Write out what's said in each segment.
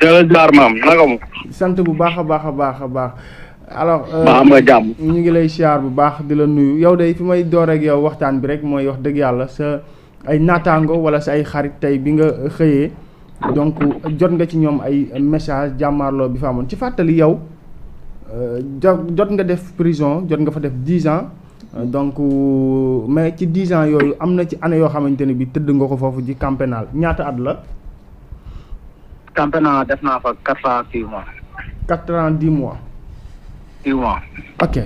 jërëjëf Diar maam naka mu. sant bu baax a baax a baax a baax. alors euh, am nga jàmm ñu ngi lay siyaar bu baax di la nuyu yow day fi may door ak yow waxtaan bi rek mooy wax dëgg yàlla sa ay naataango wala sa ay xarit tey bi nga xëyee donc jot nga ci ñoom ay message jàmmaarloo bi fa amoon ci fàttali yow euh, jot nga def prison jot nga fa def dix ans donc mais ci dix ans yooyu am na ci année yoo xamante ne bi tëdd nga ko foofu ci campénal ñaata at la. Campena def naa fa quatre ans six mois. quatre ans dix mois. six mois. ok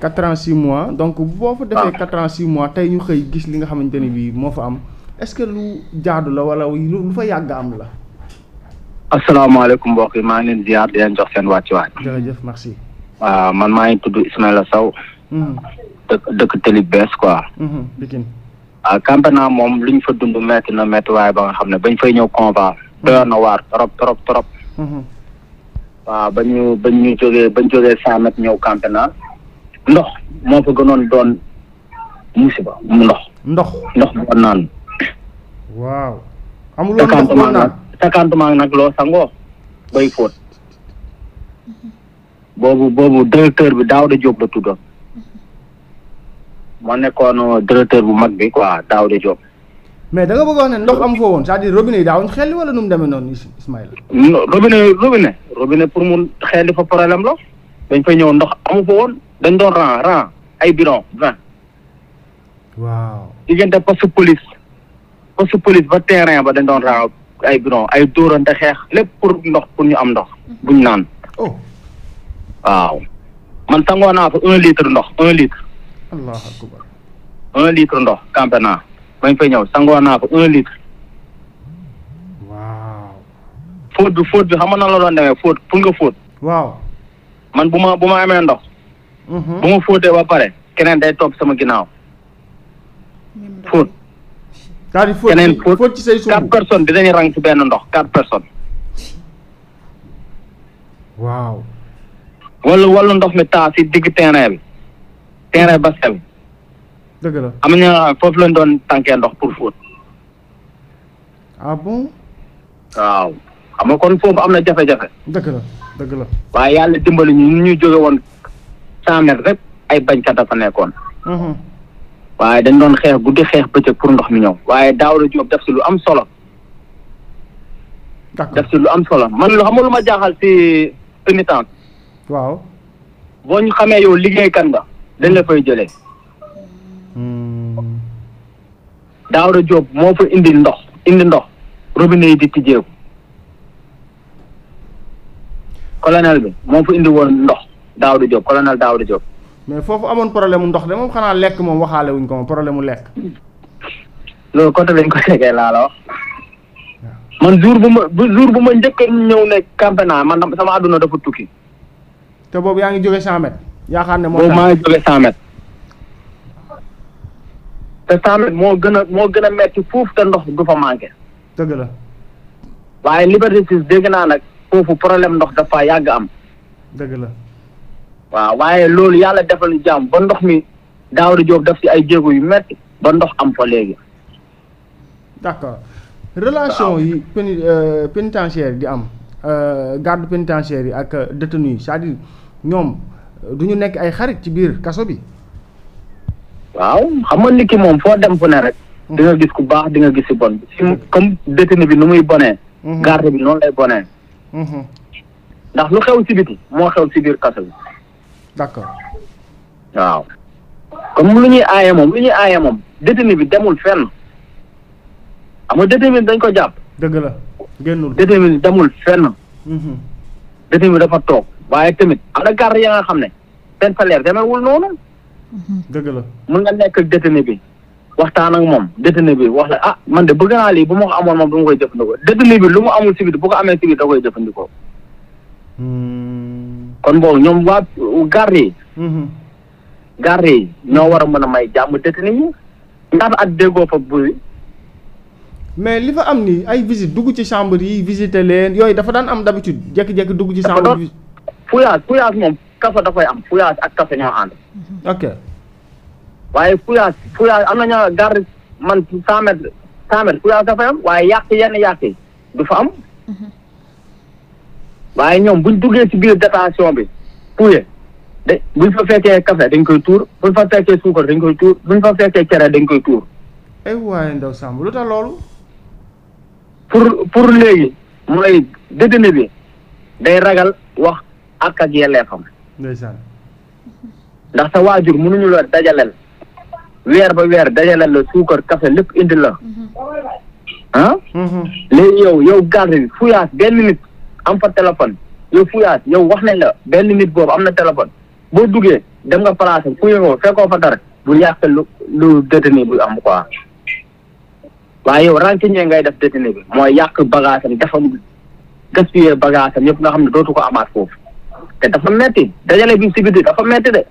quatre ans six mois donc boo fa defee ah. quatre ans six mois tey ñu xëy gis li nga xamante ne bii moo fa am est-ce que lu jaadu la wala lu fa yàgg am la. asalaamaaleykum mbokk yi maa ngi leen ziar di leen jox seen wàccuwaay. jërëjëf merci. waaw man maa ngi tudd la saw hmm. dëkk dëkk Télé bees quoi. Hmm, Pikine. ah Campena moom lu ñu fa dund métti na métti waaye ba nga xam ne bañ fay ñëw convoi. doyoon na waar trop trop trop. Mhm. waaw ba ñu ba ñu jógee ba ñu jógee cent ñëw campé naa ndox moo fa gënoon doon musiba mu ndox. ndox ndox bu naan. waaw. amul woon ndox bu naan nag loo sangoo bay fóot. boobu boobu directeur bi Daouda Diop la tuddoon. moo nekkoon directeur bu mag bi quoi Daouda Diop. mais da nga bëgg wax ne ndox am foo woon c'est-à-dire robinet yi daawuñu xelli wala nu mu demee noonu Ismaïla. non robinet robinet robinet pour mu xelli fa problème la dañ fay ñëw ndox amu fa woon dañ doon ran ran ay bidon vingt. waaw diggante poste police poste police ba terrain ba dañ doon ran ay bidon ay dóorante xeex lépp pour ndox pour ñu am ndox mhm. buñ naan. oh waaw man sangoo naa fa un litre ndox un litre. allahu akbar un litre ndox campé naa. bañ fay ñëw sangoo naa ko un litre. waaw. fóot bi fóot bi xam nga nan la doon demee fóot pour nga fóot. waaw. man bu ma bu ma amee ndox. Mhm. bu ma fóotee ba pare keneen day topp sama ginnaaw. fóot. daal di fóot keneen fóot ci say suuf quatre rang ci benn ndox quatre personnes. waaw. wala wala ndox mi taa si digg terrain bi terrain basket dëgg la am na foofu lañ doon tànkee ndox pour fóot. ah waaw xam kon foofu am na jafe-jafe. dëgg la dëgg la. waaye yàlla dimbali ñu ñu jóge woon cent mètres rek ay bañkat dafa nekkoon. Mhm. waaye dañ doon xeex guddi xeex bëccëg pour ndox mi ñëw waaye daaw la Diop def si lu am solo. def si lu am solo man lu xam ma jaaxal si pénitence. waaw. boo ñu xamee yow liggéey kan nga dañ la fay jëlee. Daouda Diop moo fa indi ndox indi ndox robine yi di tijjeeku colonel bi moo fa indi woon ndox daaw Daouda Diop colonel Daouda Diop. mais foofu amoon problème mu ndox de moom xanaa lekk moom waxaale wuñ ko moom problème mu lekk. loolu côté lañ ko tegee laa la wax man jour bu ma jour bu ma njëkk ñëw ne campé man sama àdduna dafa tukki. te boobu yaa ngi jóge cent mètres. yaakaar ne moo tax te tamit moo gën a moo gën a metti foofu te ndox du fa manqué. dëgg la. waaye Liberté 6 dégg naa nag foofu problème ndox dafa yàgg am. dëgg la. waaw waaye loolu yàlla defal ñu jàmm ba ndox mi daaw di Diop def ci ay jéego yu metti ba ndox am fa léegi. d'accord relation yi péni euh, pénitentiaire di am euh, garde pénitentiaire yi ak détenu yi cest à ñoom du ñu nekk ay xarit ci biir kaso bi. waaw xam nga nit ki moom foo dem fu ne rek. di gis ku baax di nga gis si bon si mm-hmm. comme détenu bi nu muy bone mm-hmm. garde bi noonu lay bonee. Mm-hmm. ndax lu xew si biti moo xew si biir kaso bi. d'accord waaw. comme lu ñuy aaye moom lu ñuy aaye moom détenu bi demul fenn xam nga détenu bi dañ ko jàpp. dëgg la génnul détenu demul fenn. détenu bi dafa toog waaye tamit am na garde ya nga xam ne seen salaire demewul noonu. dëgg la mun nga nekk ak détenu bi waxtaan ak moom détenu bi wax la ah man de bëgg naa lii bu ma ko amoon moom du ma koy jëfandikoo détenu bi lu mu amul si biir bu ko amee si biir da koy jëfandikoo. Hmm. kon boobu ñoom waa garde yi. Hmm. garde yi ñoo war a mën a may jàmm détenu yi. ndax at déggoo fa bu mais li fa am ni ay visite dugg ci chambre yi visiter leen yooyu dafa daan am d'habitude jékki-jékki dugg ci. chambre bi dafa doon fouillage fouillage moom. kaso dafay am fouillage ak kaso ñoo ànd. ok waaye fouillage fouillage am na ñoo garde man cent mètres cent dafay am waaye yàq yenn yàq yi du fa am. Mhm. waaye ñoom buñ duggee ci biir détention bi puye de buñ fa fekkee café dañ koy tuur buñ fa fekkee suukar dañ koy tuur buñ fa fekkee cere dañ koy tuur. ay eh, waaye Ndaw Samb lu tax loolu. pour pour léegi mooy détenu bi day ragal wax ak ak yelleefam ndeysaan ndax sa waajur ñu la dajaleel weer ba weer dajaleel la suukar café lépp indi la mm-hmm. ah mm-hmm. léegi yow yow garde bi fuyaas benn nit am fa téléphone yow fuyaas yow wax nañ la benn nit boobu am na téléphone boo duggee dem nga placé fuye ko fekkoo fa dara bu yàq lu lu détenu bu am quoi waaye yow renseigné ngay def détenu bi mooy yàq bagage am dafa gaspillé bagage nga xam ne dootu ko amaat foofu te dafa metti dajale bi si biti dafa metti de.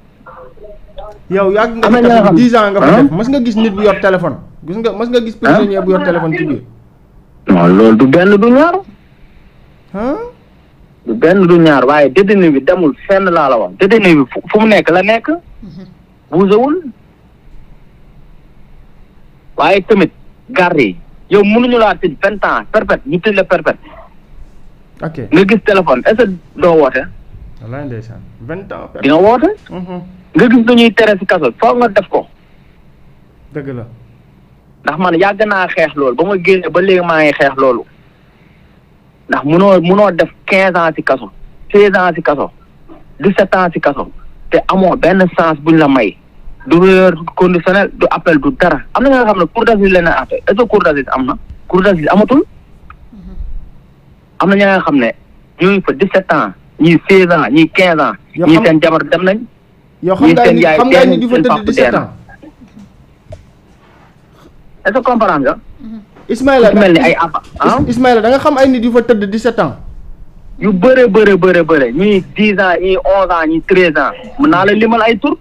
yow yàgg nga fi dix nga fa def mës nga gis nit bu yor téléphone. gis mës nga gis prisonnier bu yor téléphone ci biir. non loolu du benn du ñaar. du benn du ñaar waaye détenu bi demul fenn laa la wax détenu bi fu mu nekk la nekk. buusewul. waaye tamit garde yi yow mënuñu laa tëj vingt ans perpète ñu tëj la perpète. ok nga gis téléphone est doo woote. wallaay ndeysaan vingt ans. di nga woote. Mhm. nga gis dañuy tere si kaso foog nga def ko. dëgg la. ndax man yàgg naa xeex loolu ba ma génne ba léegi maa ngi xeex loolu. ndax munoo munoo def quinze ans si kaso. seize ans si kaso. dix-sept ans si kaso. te amoo benn sens buñ la may. du réer conditionnel du appel du dara am na nga xam ne cour d'assises leneen atte est-ce que cour am na cour d'assises amatul mhm. am na ña nga xam ne ñooñu fa 17 ans ñi 16 ans ñii 15 ans. ñii seen jabar dem nañ. yow xam nga ni xam nga ni di fa tëdd 17 ans. est-ce que comprendre nga. Mm-hmm. mel ni ay Abba. Ah? Ismaïla da xam ay nit yu fa tëdd 17 ans. yu bëre bëre bëre bëre ñii 10 ans ñii 11 ans ñii 13 ans mën naa la limal ay tur.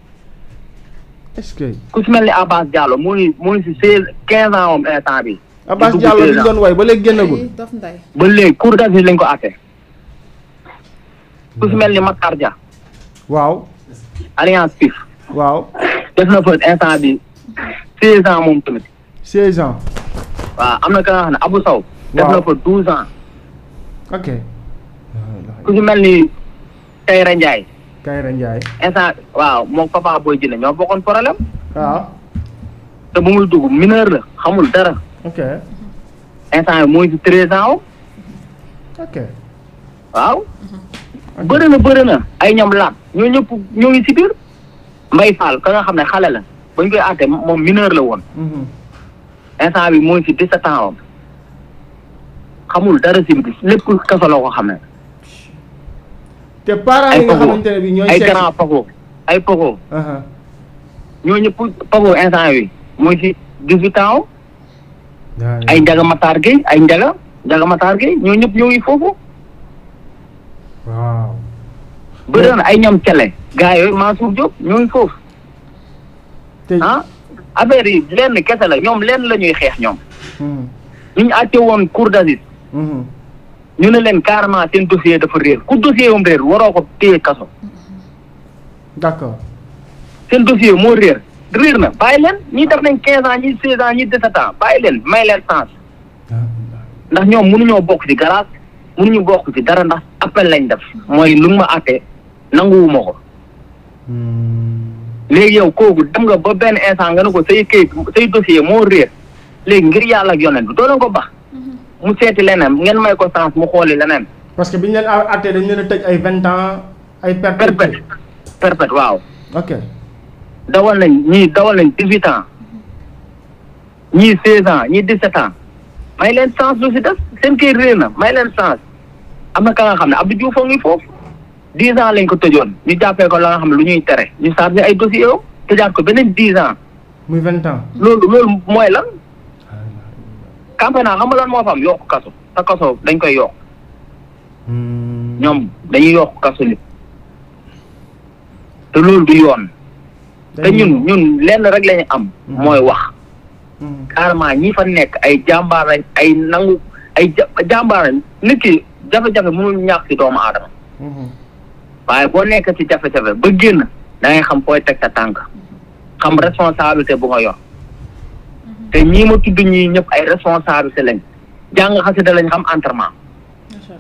est-ce ku ci mel ni Abbas Diallo mu ngi mu ngi si 16 15 ans moom instant bi. Abbas Diallo li ñu doon way ba léegi génnagul. ba léegi cour d'assises lañ ko àtte. ku si mel ni Matar Dia. waaw. alliance PIF. waaw. def na fa instant bi seize moom tamit. seize waaw am na ka nga xam ne Abou Sow. def na fa douze ans. ok. ku si mel ni Kayra Ndiaye. Kayra Ndiaye. instant waaw moo Papa Boy Djiné ñoo bokkoon problème. waaw. Ah. te bu muy dugg mineur la xamul dara. ok. instant bi mooy si treize ans. ok. waaw. Mhm. bëri na bëri na ay ñam laat ñoo ñëpp ñoo ngi si biir Mbaye Fall ka nga xam ne xale la bañ koy àtte moom mineur la woon mhm. instant bi mooy si dix-sept ans am xamul dara si lépp kaso la ko xam ne te parents bi ñooy ay grand pako ay pako ñoo ñëpp pako instant bi mooy si dix-huit ans ay Njaga Matar Gueye ay Njaga Njaga Matar Gueye ñoo ñëpp ñoo ngi foofu waaw. bëri na ay ñoom cele gars yooyu Mansour Diop ñoo ngi foofu. ah affaire yi lenn kese la ñoom lenn la ñuy xeex ñoom. Hmm. ñu ñu àtte woon cour d'assises. Hmm. ñu ne leen carrément seen dossier dafa réer ku dossier am réer waroo ko téye kaso. d'accord. seen dossier moo réer. réer na bàyyi leen ñii def nañ quinze ans ñii seize ans ñii bàyyi leen may leen sens. ndax ñoom mënuñoo bokk ci garage mënuñu bokk ci dara ndax appel lañ def mooy lu ma àtte nanguwuma ko hmm. léegi yow kooku dem nga ba benn instant nga ne ko say kayit say dossier moo réer léegi ngir yàlla ak yonent du doo leen ko bax mm-hmm. mu seeti leneen ngeen may ko sens mu xooli leneen. parce que bi ñu leen àttee dañ leen a tëj ay vingt ay perpète perpète waaw ok dawal nañ ñii dawal nañ dix huit ans ñii seize ans ñii dix sept ans may leen sens lu si def seen kayit réer na may leen sens am na ka nga xam ne Abdou Diouf a ngi foofu dix lañ ko tëjoon ñu jàppee ko la nga xam ne lu ñuy tere ñu chargé ay dossiers yow tëjaat ko beneen dix ans. muy vingt ans. loolu loolu mooy lan. naa xam nga lan moo fa am yokk kaso sa kaso dañ koy yokk. Hmm. ñoom dañuy yokk kasu li te loolu du yoon. te ñun ñun lenn rek lañu am. Hmm. mooy wax. Hmm. carrément ñi fa nekk ay jàmbaar ay nangu ay jàmbaar lañ nit ki jafe-jafe mënul ñàkk ci doomu aadama mhm. waaye boo nekk ci jafe-jafe ba génn da ngay xam fooy teg sa tànk xam mhm. responsabilité bu nga yor mhm. te ñii ma tudd ñii ñëpp ay responsabilité lañ jàng xasida lañ xam entraînement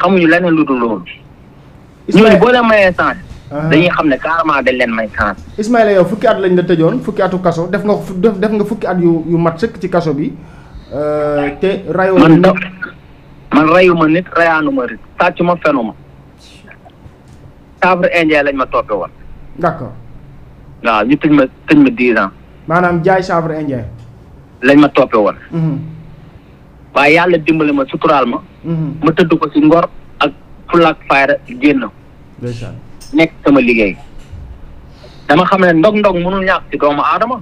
xamuñu leneen lu dul loolu ñooñu boo leen mayee chance ah. dañuy xam ne carrément dañ leen may chance Ismaïla yow fukki at lañ la tëjoon fukki atu kaso def nga def nga fukki at yu yu mat sëkk ci kaso bi euh, te rayoo man reyu ma nit reyaanu ma nit tàcc ma fenu ma lañ ma toppe woon. d'accord. waaw ñu tëj ma tëj ma dix maanaam jaay saafara indien. lañ ma toppe woon. Mhm. waaye yàlla dimbali ma suturaal ma. Mhm. ma tëdd ko ci ngor ak fulaak fayra génn. nekk sama liggéey. dama xam ne ndog-ndog mënul ñàkk ci doomu aadama.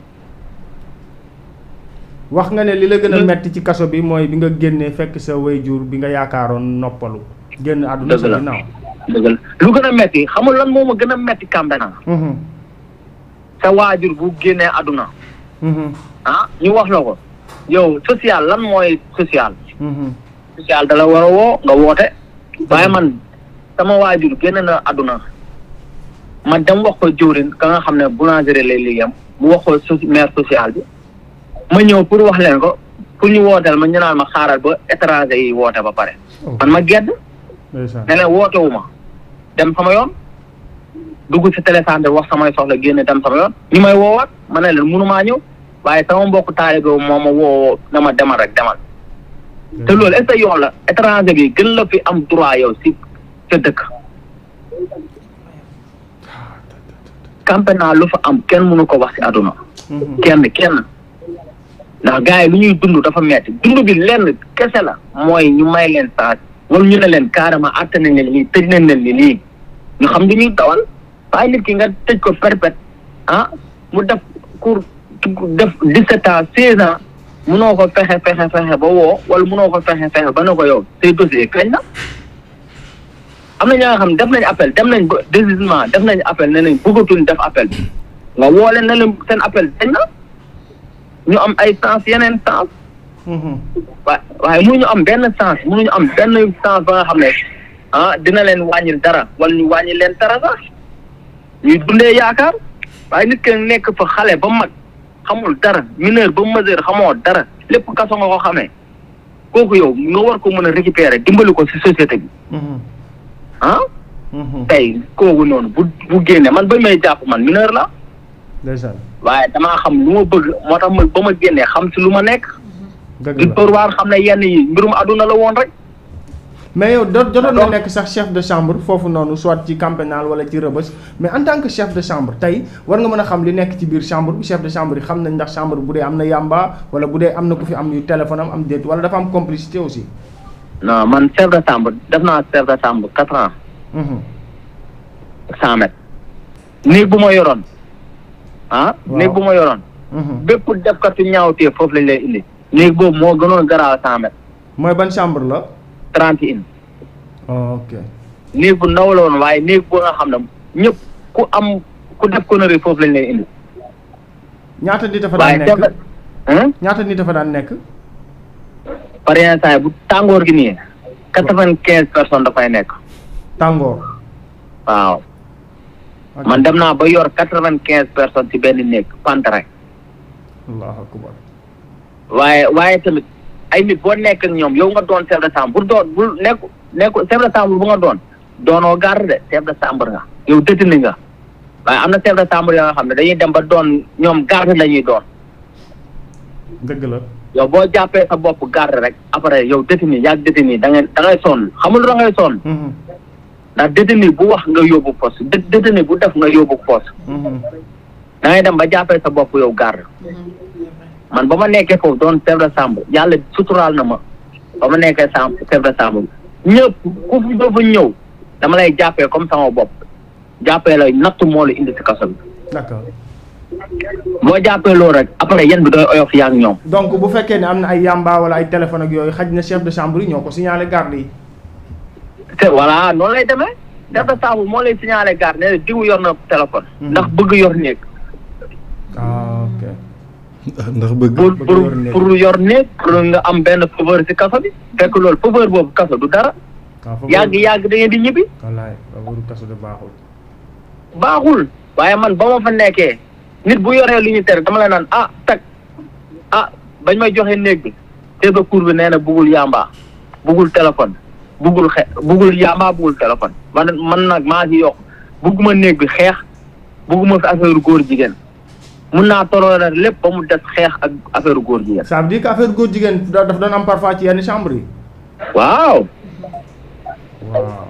wax nga ne li la gën a metti ci kaso bi mooy bi nga génnee fekk sa wayjur bi nga yaakaaroon noppalu génn àdduna sa ginnaaw gën a metti xamul lan moo ma gën a metti Kamberene mhm. sa waajur bu génnee àdduna mhm. ah ñu wax la ko yow social lan mooy social mhm. social dala war a woo nga woote waaye man sama waajur génn na àdduna man dem wax ko jóorin ka nga xam ne boulangerie lay liggéeyam mu wax ko maire social bi ma ñëw pour wax leen ko pour ñu wooteel ma ñenaan naan ma xaaral ba étranger yi woote ba pare. man ma gedd. ne leen woote ma dem sama yoon dugg ci télécentre wax samay soxla génne dem sama yoon ñu may woowaat ma ne leen mënumaa ñëw waaye sama mbokk taalibe moo ma woo na ma demal rek demal. te loolu est-ce la étranger bi gën la fi am droit yow si sa dëkk. Ah, campagne lu fa am kenn mënu ko wax ci àdduna. Mm-hmm. kenn kenn. ndax gars yi lu ñuy dund dafa metti dund bi lenn kese la mooy ñu may leen saas wala ñu ne leen carrément àtte nañ leen lii tëj nañ leen li lii ñu xam li ñuy dawal waaye nit ki nga tëj ko perpète ah mu def cour def dix-sept ans seize ans munoo ko fexe fexe fexe ba woo wala munoo ko fexe fexe ba noo ko yow say dossier kañ na am na ñoo nga xam def nañ appel dem nañ ba désistement def nañ appel ne nañ bëggatuñ def appel bi nga woo leen ne leen seen appel dañ na ñu am ay sens yeneen sens. Mhm. waaw waaye mu ñu am benn sens mënuñu am benn sens ba nga xam ne ah dina leen wàññil dara wala ñu wàññil leen dara sax ñuy dundee yaakaar waaye nit ki nekk fa xale ba mag xamul dara mineur ba majeur xamoo dara lépp kaso nga ko xamee kooku yow nga war ko mën a récupérer dimbali ko si société bi. Mhm. ah. Mhm. tey kooku noonu bu bu génne man ba may jàpp man mineur la. waaye damaa xam lu ma bëgg moo tax ma ba ma génnee xam si lu ma nekk. di Dóor waar xam ne yenn yi mbirum àdduna la woon rek. mais yow jotoon noo nekk sax chef de chambre foofu noonu soit ci camp pénal wala ci rëbës mais en tant que chef de chambre tey war nga mën a xam li nekk ci biir chambre bi chef de chambre yi xam nañ ndax chambre bu dee am na yàmba wala bu dee am na ku fi am yu téléphone am am déet wala dafa am complicité aussi. non man chef de chambre def naa chef de chambre quatre ans. Mhm. bu ma ah néeg bu ma yoroon mhm. bépp defkatu ñaawtee foofu lañ lay indi néeg boobu moo gënoon garaaw cent mètres mooy ban chambre la trente et un ok néeg bu ndaw waaye néeg bu nga xam ne ñëpp ku am ku def connerie foofu lañ lay indi ñaata nit dafa daan nekk ñaata nit dafa daan nekk par exemple bu tàngoor gi nii quatre quinze personnes dafay nekk tàngoor waaw man dem naa ba yor quatre vingt quinze personnes ci benn néeg pantrain allahu waaye waaye tamit ay nit boo nekk ak ñoom yow nga doon chef de chambre bu nekk nekk chef de bu nga doon doonoo garde de chef de chambre nga yow détenu nga waaye am na chef de chambre nga xam ne dañuy dem ba doon ñoom garde la ñuy doon dëgg yow boo jàppee sa bopp garde rek après yow détenu yaa détenu da ngay da ngay sonn xamul da ngay sonn mm-hmm. ndax détenu bu wax nga yóbbu poste détenu bu def nga yóbbu poste mm-hmm. da ngay dem ba jàppee sa bopp yow garde mm-hmm. man ba ma nekkee foofu doon chef de chambre yàlla suturaal na ma ba ma nekkee chambre chef de chambre ñëpp ku fi dafa ñëw dama lay jàppee comme sama bopp jàppee la natt moo la indi si kaso bi d'accord boo jàppee loolu rek après yan bi doy oyof yaa ñoom donc bu fekkee ne am na ay yamba wala ay téléphone ak yooyu xaj na chef de chambre yi ñoo ko signalé garde yi te voilà noonu lay demee def da saabu moo lay signalé garde ne diw yor na téléphone. Hmm. ndax bëgg yor néeg. ah ok. ndax pour pour yor néeg nga am benn faveur si kaso bi fekk loolu faveur boobu kaso du dara. Ah, yàgg yàgg da di ñibbi. wallaay faveur baaxul. baaxul waaye man ba ma fa nekkee nit bu yoree lu ñu tere dama la naan ah tag ah bañ may joxe néeg bi te ba cour bi nee na bëggul yàmbaa bëggul téléphone. buggul xe buggul yàmbaa buggul téléphone man man nag maa si yokk bugguma néeg bi xeex bugguma fi affaire góor jigéen mun naa tolloon lépp ba mu def xeex ak affaire góor jigéen. ça veut dire góor jigéen daf doon am parfois ci yenn chambre yi. waaw. waaw.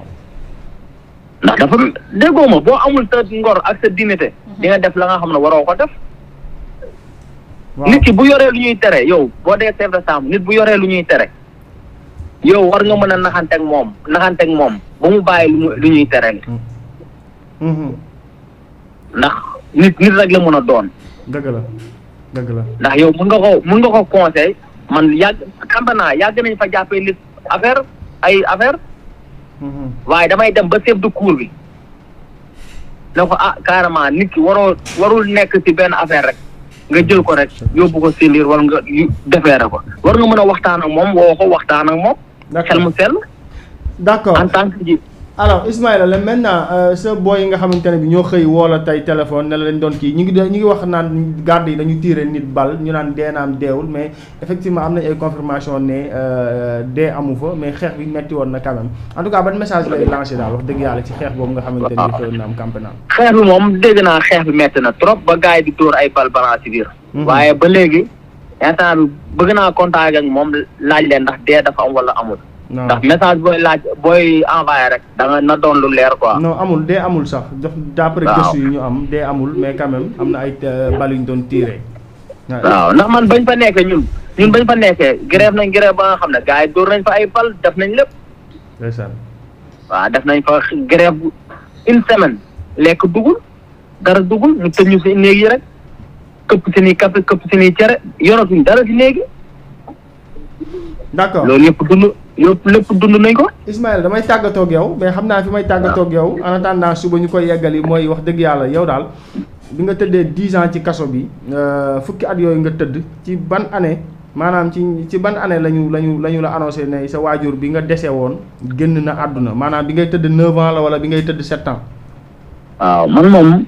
ndax dafa déggoo ma boo amul sa ngor ak sa dignité. Mhm. di nga def la nga xam ne waroo ko def. nit ki bu yoree lu ñuy tere yow boo dee chef de nit bu yoree lu ñuy tere. yow war nga mën a naxanteeg moom naxanteeg moom ba mu bàyyi lu lu ñuy tereel mm-hmm. ndax nit nit rek la mën a doon. dëgg ndax yow mën nga ko mën nga koo conseil man yàgg campana yàgg nañ fa jàppee lit affaire ay affaire mm-hmm. waaye damay dem ba chef de kuur bi ne ko ah carrément nit ki waroo warul nekk ci benn affaire rek nga jël ko rek yóbbu ko si liir wala nga defeere ko war nga mën a waxtaan ak moom wow ko waxtaan ak moom. xel mu sell. d' accord en tant que ji. alors Ismaïla la maintenant sa euh, booy yi nga xamante ne bi ñoo xëy woo la tey téléphone ne la lañ doon kii ñu ngi ñu ngi wax naan garde yi dañu tiire nit bal ñu naan dee naam deewul mais effectivement am nañ ay confirmation ne euh, dee amu fa mais xeex bi metti woon na quand même en tout cas ban message lay lancé daal wax dëgg yàlla ci xeex boobu nga xamante ne bi xewoon na am campagne xeex bi moom dégg naa xeex bi metti na trop ba gars yi di dóor ay bal balaa instant bi bëgg naa contact ak moom laaj leen ndax dee dafa am wala amul. ndax message booy laaj booy envoyé rek. da na doon lu leer ko non amul dee amul sax. waaw d'après gëstu yu ñu am dee amul mais quand am na ay euh, bal yu ñu doon tiiree. waaw ndax man bañ fa nekkee ñun ñun bañ fa nekkee grève nañ grève ba nga xam ne gars yi dóor nañ fa ay bal def nañ lépp. ndeysaan. waaw def nañ fa grève une semaine lekk dugul dara dugul ñu tëj ñu si néeg yi rek. këpp seen i café këpp seen i cere yoratuñ dara si léegi. d' accord loolu yëpp dund yëpp lépp dund nañ ko. Ismaël damay tàggatoo yow mais xam naa fi may tàggatoo ak yow en attendant suba ñu koy yeggali mooy wax dëgg yàlla yow daal bi nga tëddee dix ans ci kaso bi euh, fukki at yooyu nga tëdd ci ban année. maanaam ci ci ban année lañu lañu la ñu la annoncé ne sa waajur bi nga dese woon génn na àdduna maanaam bi ngay tëdd 9 ans la wala bi ngay tëdd 7 ans. waaw ah, man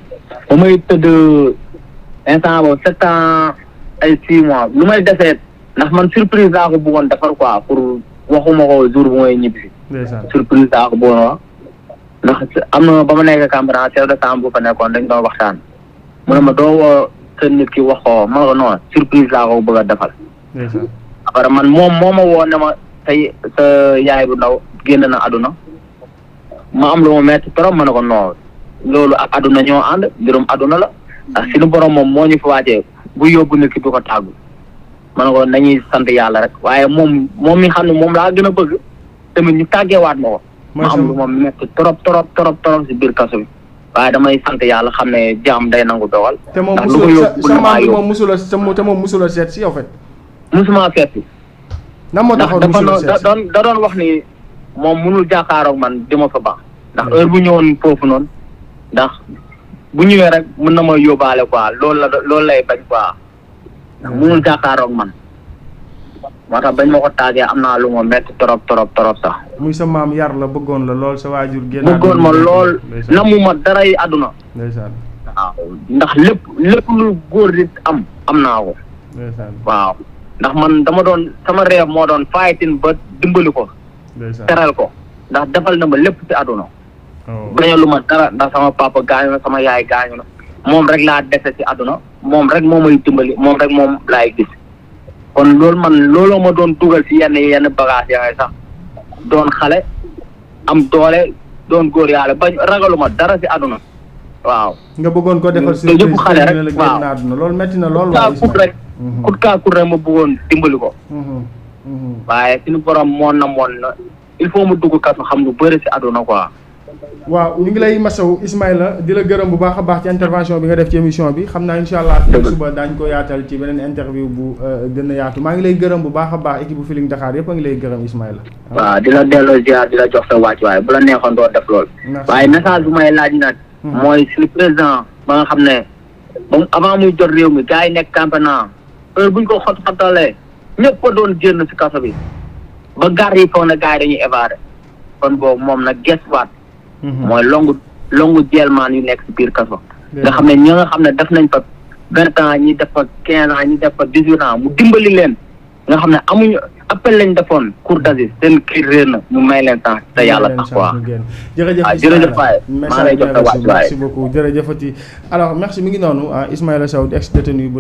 instant boobu sept ans ay six mois lu may defee ndax man surprise laa ko bëggoon defar quoi pour waxuma ko jour bu may ñibbi surprise laa ko bëggoon wax ndax am na ba ma nekk campagne chef de camp bu fa nekkoon dañ doon waxtaan mu ne ma doo woo sa nit ki wax ko ma ko non surprise laa ko bëgg a defal après man moom moo ma woo ne ma tey sa yaay bu ndaw génn na àdduna ma am lu ma metti trop ma ne ko non loolu ak àdduna ñoo ànd mbirum àdduna la ndax suñu boro moom moo ñu fi wàccee bu yóbbu nit ki du ko tàggu ma ne ko nañuy sant yàlla rek waaye moom moom mi xam ne moom laa gën a bëgg ñu tàggeewaat ma ko. ma xam lu ma métti trop trop trop trop si biir kaso bi. sant yàlla xam ne jaam day nangu dogal. te moom musul a sa te moom musul a seet si yow fekk. musuma seet si. nan moo taxoon musul seet si da doon da doon wax ni moom mënul jàkkaaroog man di ma fa baax. ndax heure bu ñëwoon foofu noonu ndax. bu ñëwee rek mën na ma yóbbaale ko loolu la loolu lay bañ quoi ndax mënul jàkkaaroog man moo tax bañ ma ko taagee am naa lu ma metti trop trop trop sax. muy sa maam yar la bëggoon la lool sa waajur. génn bëggoon ma lool. namu ma dara àdduna. ndeysaan waaw ndax lépp lépp lu góor di am am naa ko. waaw ndax man dama doon sama réew moo doon fayatin ba dimbali ko. teral ko ndax defal na ma lépp ci àdduna. gañalu ma dara ndax sama papa gaañu na sama yaay gaañu na moom rek laa dese ci àdduna moom rek moo may dimbali moom rek moom laay gis kon loolu man looloo ma doon dugal ci yenn yenn bagage yooyu sax doon xale am doole doon góor yàlla ba ragalu ma dara ci àdduna waaw. nga bëggoon ko defar surprise te ñëpp xale rek waaw loolu métti na loolu waaye kut rek mhm. kut rek ma bëggoon dimbali ko. Mhm. Mhm. waaye suñu borom moo na moon il faut mu dugg kaso xam lu bëri ci àdduna ko waaw ñu ngi lay masawu Ismaïla di la gërëm bu baax a baax ci intervention bi nga def ci émission bi xam naa incha allah tey suba daañ ko yaatal ci beneen interview bu euh, gën yaatu maa ngi lay gërëm bu baax a baax équipe bu Feeling Dakar yëpp a ngi lay gërëm Ismaïla waaw di la delloo ziar di la jox sa wàcc waaye bu la neexoon doo def loolu waaye message bu may laaj nag hmm. mooy suñu président ba nga xam ne moom avant muy jot réew mi gars yi nekk campagnat heure buñ ko xot xottalee ñëpp a doon génn si kaso bi ba gar yi foog na gars yi dañuy évadé kon boobu moom nag gestuwaat Mhm. mooy longu longu jelmaan yu nekk si biir kaso nga xam ne ñi nga xam ne def nañ fa vingt a ñi def fa a ans ñi def fa a huit ans mu dimbali leen nga xam ne amuñu appel lañ defoon cour seen kii réer na ñu may leen temps te yàlla tax quoi jërëjëf jërëjëf ah, Faye maa ngi lay jox sa wàccuwaay merci beaucoup jërëjëfati alors merci mi ngi noonu ah, Ismaïla Sow ex détenu bu